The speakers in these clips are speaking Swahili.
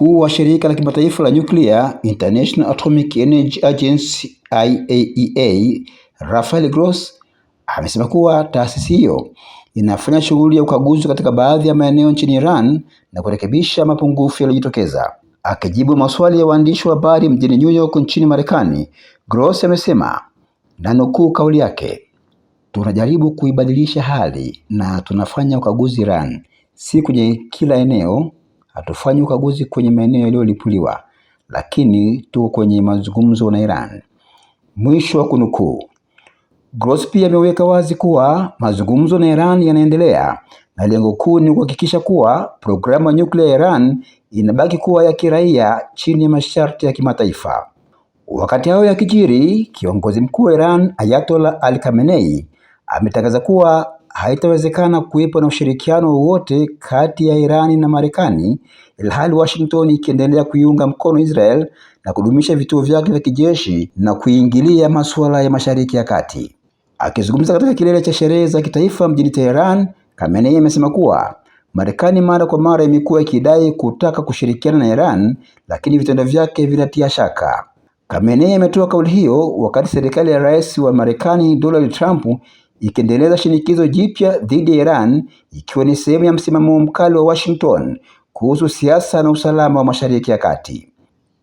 Mkuu wa shirika la kimataifa la nyuklia International Atomic Energy Agency IAEA, e Rafael Gross amesema kuwa taasisi hiyo inafanya shughuli ya ukaguzi katika baadhi ya maeneo nchini Iran na kurekebisha mapungufu yaliyojitokeza. Akijibu maswali ya waandishi wa habari mjini New York nchini Marekani, Gross amesema na nukuu kauli yake, tunajaribu kuibadilisha hali na tunafanya ukaguzi Iran, si kwenye kila eneo hatufanyi ukaguzi kwenye maeneo yaliyolipuliwa, lakini tuko kwenye mazungumzo na Iran. Mwisho wa kunukuu. Grospi ameweka wazi kuwa mazungumzo na Iran yanaendelea na lengo kuu ni kuhakikisha kuwa programu ya nyuklia ya Iran inabaki kuwa ya kiraia chini ya masharti ya kimataifa. Wakati hayo yakijiri, kiongozi mkuu wa Iran Ayatollah Ali Khamenei ametangaza kuwa haitawezekana kuwepo na ushirikiano wowote kati ya Irani na Marekani, ilhali Washington ikiendelea kuiunga mkono Israel na kudumisha vituo vyake vya kijeshi na kuingilia masuala ya Mashariki ya Kati. Akizungumza katika kilele cha sherehe za kitaifa mjini Teheran, Khamenei amesema kuwa Marekani mara kwa mara imekuwa ikidai kutaka kushirikiana na Iran, lakini vitendo vyake vinatia shaka. Khamenei ametoa kauli hiyo wakati serikali ya rais wa Marekani Donald Trump ikiendeleza shinikizo jipya dhidi ya Iran ikiwa ni sehemu ya msimamo mkali wa Washington kuhusu siasa na usalama wa Mashariki ya Kati.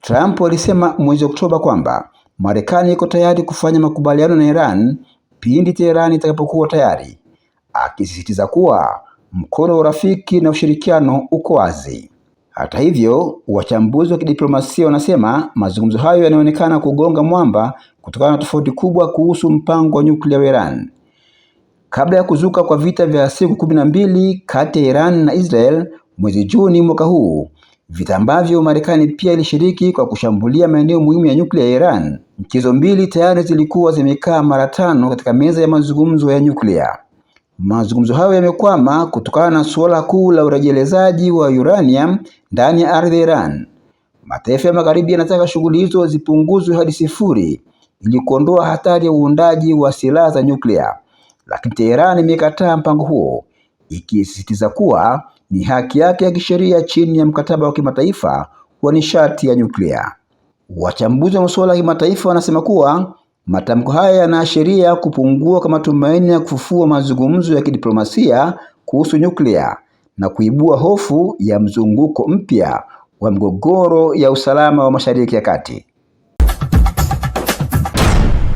Trump alisema mwezi Oktoba kwamba Marekani iko tayari kufanya makubaliano na Iran pindi Tehran itakapokuwa tayari, akisisitiza kuwa mkono wa urafiki na ushirikiano uko wazi. Hata hivyo, wachambuzi wa kidiplomasia wanasema mazungumzo hayo yanaonekana kugonga mwamba kutokana na tofauti kubwa kuhusu mpango wa nyuklia wa Iran kabla ya kuzuka kwa vita vya siku kumi na mbili kati ya Iran na Israel mwezi Juni mwaka huu, vita ambavyo Marekani pia ilishiriki kwa kushambulia maeneo muhimu ya nyuklia ya Iran. Nchi hizo mbili tayari zilikuwa zimekaa mara tano katika meza ya mazungumzo ya nyuklia. Mazungumzo hayo yamekwama kutokana na suala kuu la urejelezaji wa uranium ndani ya ardhi ya Iran. Mataifa ya Magharibi yanataka shughuli hizo zipunguzwe hadi sifuri ili kuondoa hatari ya uundaji wa silaha za nyuklia lakini teheran imekataa mpango huo ikisisitiza kuwa ni haki yake ya kisheria chini ya mkataba wa kimataifa wa nishati ya nyuklia. Wachambuzi wa masuala ya kimataifa wanasema kuwa matamko haya yanaashiria kupungua kwa matumaini ya kufufua mazungumzo ya kidiplomasia kuhusu nyuklia na kuibua hofu ya mzunguko mpya wa mgogoro ya usalama wa Mashariki ya Kati.